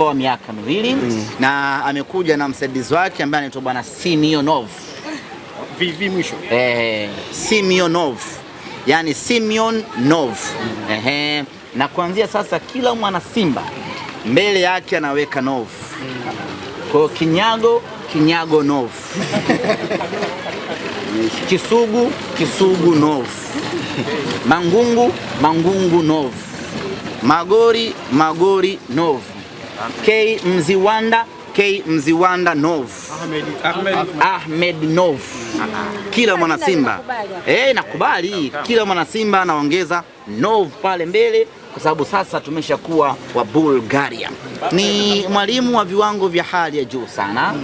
baba wa miaka miwili mm. na amekuja na msaidizi wake ambaye anaitwa bwana Simionov vivi mwisho eh, Simionov yani Simion Nov mm. eh, na kuanzia sasa kila mwana Simba mbele yake anaweka Nov mm. kwa kinyago kinyago Nov kisugu kisugu Nov mangungu mangungu Nov magori magori Nov K Mziwanda K Mziwanda Nov Ahmed, Ahmed, Ahmed Nov. Kila mwana Simba eh, nakubali kila mwana Simba anaongeza Nov pale mbele kwa sababu sasa tumeshakuwa wa Bulgaria. Ni mwalimu wa viwango vya hali ya juu sana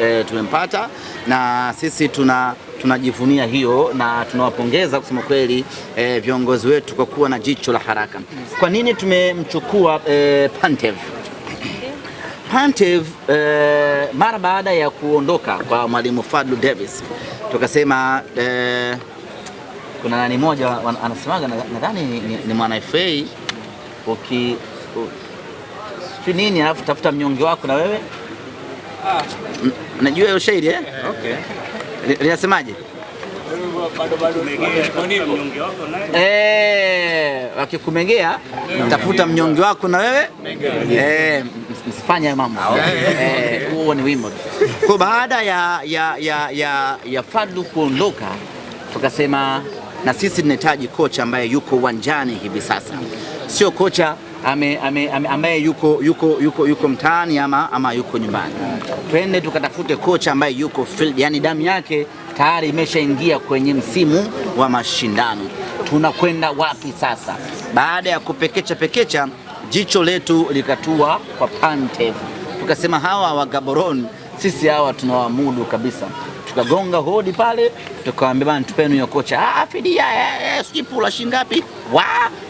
e, tumempata na sisi tuna tunajivunia hiyo na tunawapongeza kusema kweli e, viongozi wetu kwa kuwa na jicho la haraka. Kwa nini tumemchukua e, Pantev Pantev uh, eh, mara baada ya kuondoka kwa mwalimu Fadlu Davis tukasema uh, kuna nani moja anasemaga nadhani ni, ni, ni mwana FA uki si nini, alafu tafuta mnyonge wako na wewe ah. Najua hiyo shairi eh? Okay. Linasemaje? Eh, wakikumegea tafuta mnyonge wako na wewe eh fanya mambo ah, eh, huo, ni wimbo kwa baada ya, ya, ya, ya, ya Fadlu kuondoka, tukasema na sisi tunahitaji kocha ambaye yuko uwanjani hivi sasa, sio kocha ame, ame, ame, ambaye yuko, yuko, yuko, yuko mtaani ama, ama yuko nyumbani. Twende tukatafute kocha ambaye yuko field, yani damu yake tayari imeshaingia kwenye msimu wa mashindano. Tunakwenda wapi sasa baada ya kupekecha pekecha jicho letu likatua kwa Pantev, tukasema hawa wa Gaborone sisi hawa tunawaamudu kabisa. Tukagonga hodi pale, tukawaambia bana, tupeni hiyo kocha. Ah, fidia eh, eh sijui pula shingapi wa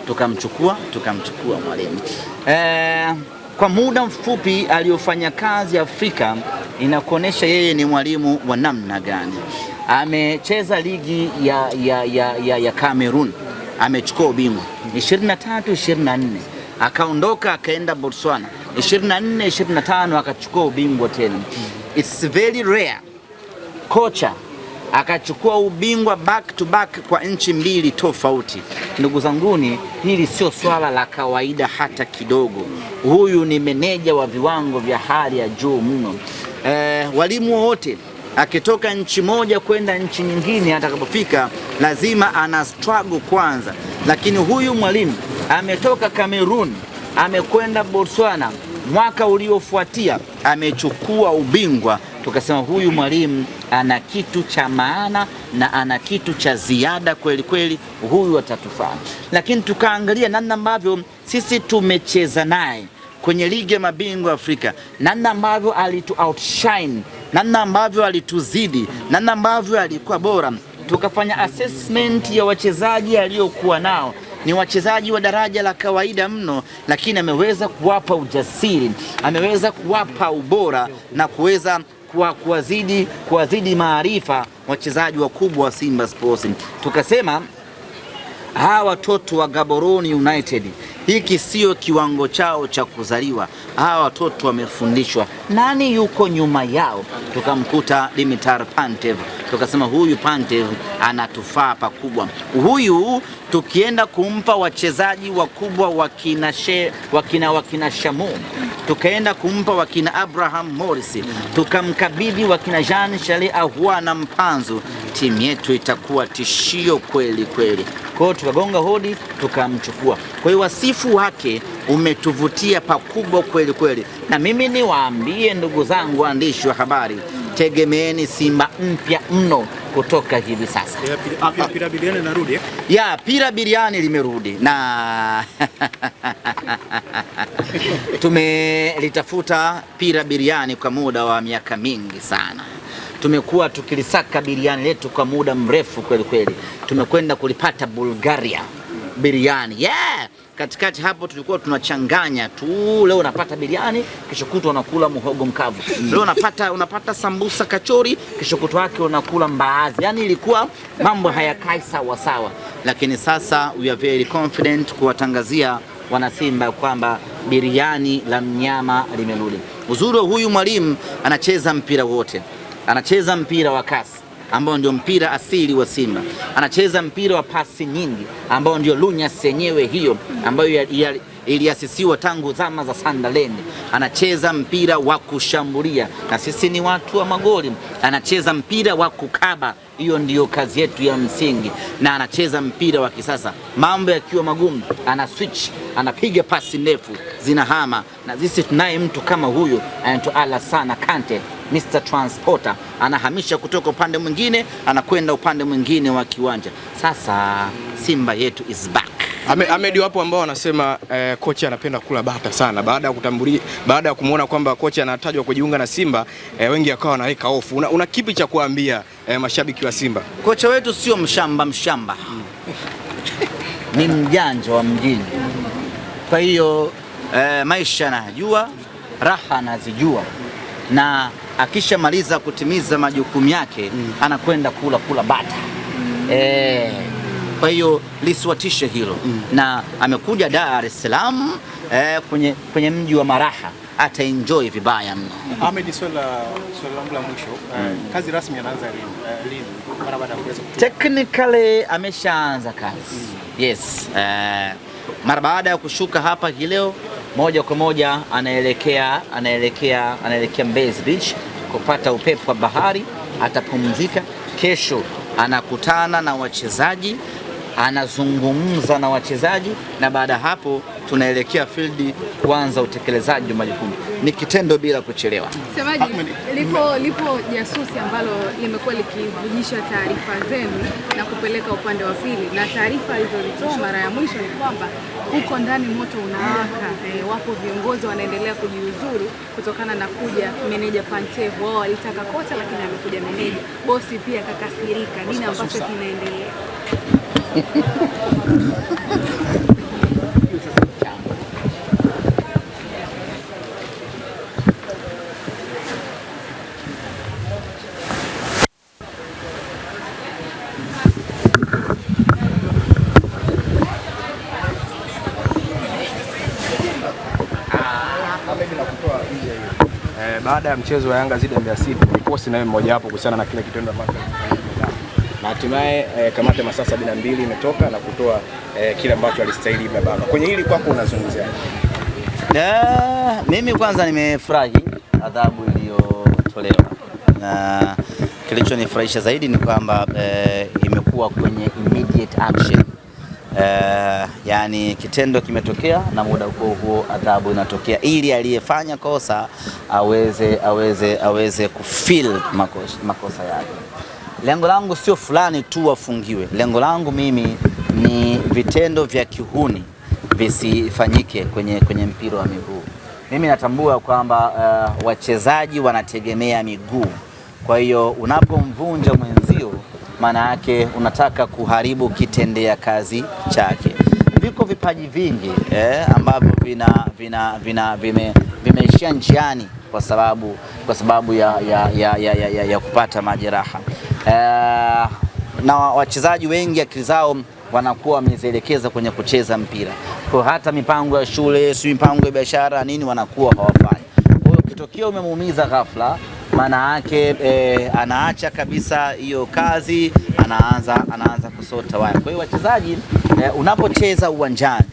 tukamchukua, tukamchukua mwalimu eh, kwa muda mfupi aliyofanya kazi Afrika inakuonesha yeye ni mwalimu wa namna gani. Amecheza ligi ya, ya, ya, ya, ya Cameroon amechukua ubingwa 23 24 akaondoka akaenda Botswana 24 25, akachukua ubingwa tena. It's very rare kocha akachukua ubingwa back to back kwa nchi mbili tofauti. Ndugu zanguni, hili sio swala la kawaida hata kidogo. Huyu ni meneja wa viwango vya hali ya juu mno. E, walimu wote akitoka nchi moja kwenda nchi nyingine, atakapofika lazima ana struggle kwanza, lakini huyu mwalimu ametoka Kamerun amekwenda Botswana, mwaka uliofuatia amechukua ubingwa. Tukasema huyu mwalimu ana kitu cha maana na ana kitu cha ziada kweli kweli, huyu atatufaa. Lakini tukaangalia namna ambavyo sisi tumecheza naye kwenye ligi ya mabingwa Afrika, namna ambavyo alitu outshine, namna ambavyo alituzidi, namna ambavyo alikuwa bora. Tukafanya assessment ya wachezaji aliyokuwa nao ni wachezaji wa daraja la kawaida mno, lakini ameweza kuwapa ujasiri, ameweza kuwapa ubora na kuweza kuwazidi kuwazidi maarifa wachezaji wakubwa wa Simba Sports. Tukasema hawa watoto wa Gaborone United hiki sio kiwango chao cha kuzaliwa. Hawa watoto wamefundishwa. Nani yuko nyuma yao? Tukamkuta Dimitar Pantev, tukasema huyu Pantev anatufaa pakubwa. Huyu tukienda kumpa wachezaji wakubwa wakina, she, wakina, wakina Shamu, tukaenda kumpa wakina Abraham Morris, tukamkabidhi wakina Jean Shale Ahua na Mpanzu, timu yetu itakuwa tishio kweli kweli. Kwa hiyo tukagonga hodi tukamchukua. Kwa hiyo wasifu wake umetuvutia pakubwa kweli kweli, na mimi niwaambie ndugu zangu waandishi wa habari, tegemeeni Simba mpya mno kutoka hivi sasa. Ya pira biriani narudi, ya pira eh? biriani limerudi na tumelitafuta pira biriani kwa muda wa miaka mingi sana tumekuwa tukilisaka biriani letu kwa muda mrefu kweli kweli, tumekwenda kulipata Bulgaria biriani yeah! Katikati hapo tulikuwa tunachanganya tu, leo unapata biriani, kesho kutwa unakula muhogo mkavu, mm. leo unapata unapata sambusa kachori, kesho kutwa wake unakula mbaazi. Yani ilikuwa mambo hayakai sawa sawa, lakini sasa we are very confident kuwatangazia wanasimba kwamba biriani la mnyama limerudi. Uzuri wa huyu mwalimu anacheza mpira wote anacheza mpira wa kasi ambao ndio mpira asili wa Simba, anacheza mpira wa pasi nyingi ambao ndio lunyas yenyewe hiyo ambayo iliasisiwa tangu zama za Sunderland. Anacheza mpira wa kushambulia na sisi ni watu wa magoli, anacheza mpira wa kukaba, hiyo ndiyo kazi yetu ya msingi, na anacheza mpira wa kisasa. Mambo yakiwa magumu, ana switch, anapiga pasi ndefu zinahama, na sisi tunaye mtu kama huyu anaitwa alasana Kante Mr Transporter anahamisha kutoka upande mwingine anakwenda upande mwingine wa kiwanja. Sasa Simba yetu is back. Amedi wapo ambao wanasema eh, kocha anapenda kula bata sana. Baada ya kutambulia, baada ya kumwona kwamba kocha anatajwa kujiunga na Simba eh, wengi akawa wanaweka hofu. Una, una kipi cha kuambia eh, mashabiki wa Simba? Kocha wetu sio mshamba mshamba ni mjanja wa mjini. Kwa hiyo eh, maisha anayajua, raha anazijua na akishamaliza kutimiza majukumu yake mm. anakwenda kula kula bata mm. e, kwa hiyo lisiwatishe hilo mm. na amekuja Dar es Salaam e, kwenye, kwenye mji wa maraha ataenjoy vibaya mno. Ahmed, swali langu la mwisho, eh, mm. kazi rasmi anaanza lini? Mara baada ya kuweza technically ameshaanza kazi mm. yes uh, mara baada ya kushuka hapa hii leo, moja kwa moja anaelekea anaelekea anaelekea Mbezi Beach kupata upepo wa bahari, atapumzika. Kesho anakutana na wachezaji anazungumza na wachezaji, na baada ya hapo tunaelekea field kuanza utekelezaji wa majukumu. Ni kitendo bila kuchelewa. Semaji, lipo lipo jasusi ambalo limekuwa likivujisha taarifa zenu na kupeleka upande wa pili, na taarifa alizozitoa mara ya mwisho ni kwamba huko ndani moto unawaka. eh, wapo viongozi wanaendelea kujiuzuru kutokana na kuja meneja Pantev. Wao walitaka kocha, lakini amekuja meneja. Bosi pia kakasirika. Nini ambacho kinaendelea? Eh, baada ya mchezo wa Yanga zidi ya Mbeya City, nilikuwa mmoja wapo kuhusiana na kile kitendo ambacho na hatimaye eh, kamati ya masaa mbili imetoka na kutoa eh, kile ambacho alistahili Blababa. Kwenye hili kwako unazungumzia Yeah, mimi kwanza nimefurahi adhabu iliyotolewa na kilichonifurahisha zaidi ni kwamba eh, imekuwa kwenye immediate action eh, yani kitendo kimetokea na muda huo huo adhabu inatokea ili aliyefanya kosa aweze aweze aweze kufeel makosa, makosa yake. Lengo langu sio fulani tu wafungiwe, lengo langu mimi ni vitendo vya kihuni visifanyike kwenye, kwenye mpira wa miguu. Mimi natambua kwamba uh, wachezaji wanategemea miguu. Kwa hiyo unapomvunja mwenzio, maana yake unataka kuharibu kitendea kazi chake. Viko vipaji vingi eh, ambavyo vina, vina, vina, vime, vimeishia njiani kwa sababu, kwa sababu ya, ya, ya, ya, ya, ya kupata majeraha uh, na wachezaji wengi akili zao wanakuwa wamezielekeza kwenye kucheza mpira, kwa hata mipango ya shule, si mipango ya biashara nini, wanakuwa hawafanyi. Kwa hiyo kitokio umemuumiza ghafla, maana yake e, anaacha kabisa hiyo kazi, anaanza anaanza kusota waya. Kwa hiyo wachezaji e, unapocheza uwanjani,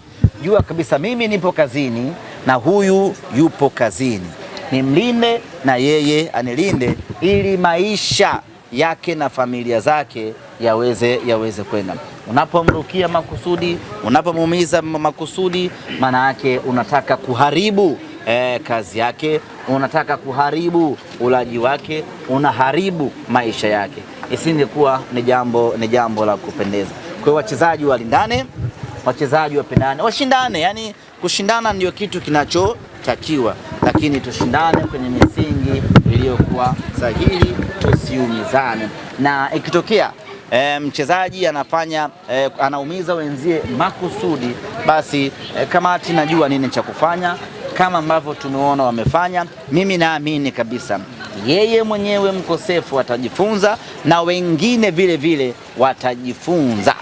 jua kabisa mimi nipo kazini na huyu yupo kazini, nimlinde na yeye anilinde, ili maisha yake na familia zake yaweze yaweze kwenda. Unapomrukia makusudi, unapomuumiza makusudi, maana yake unataka kuharibu E, kazi yake unataka kuharibu ulaji wake, unaharibu maisha yake. Isingekuwa ni jambo ni jambo la kupendeza. Kwa hiyo wachezaji walindane, wachezaji wapendane, washindane. Yani kushindana ndio kitu kinachotakiwa, lakini tushindane kwenye misingi iliyokuwa sahihi, tusiumizane. Na ikitokea e, mchezaji anafanya e, anaumiza wenzie makusudi, basi e, kamati najua nini cha kufanya, kama ambavyo tumeona wamefanya. Mimi naamini kabisa yeye mwenyewe mkosefu atajifunza na wengine vile vile watajifunza.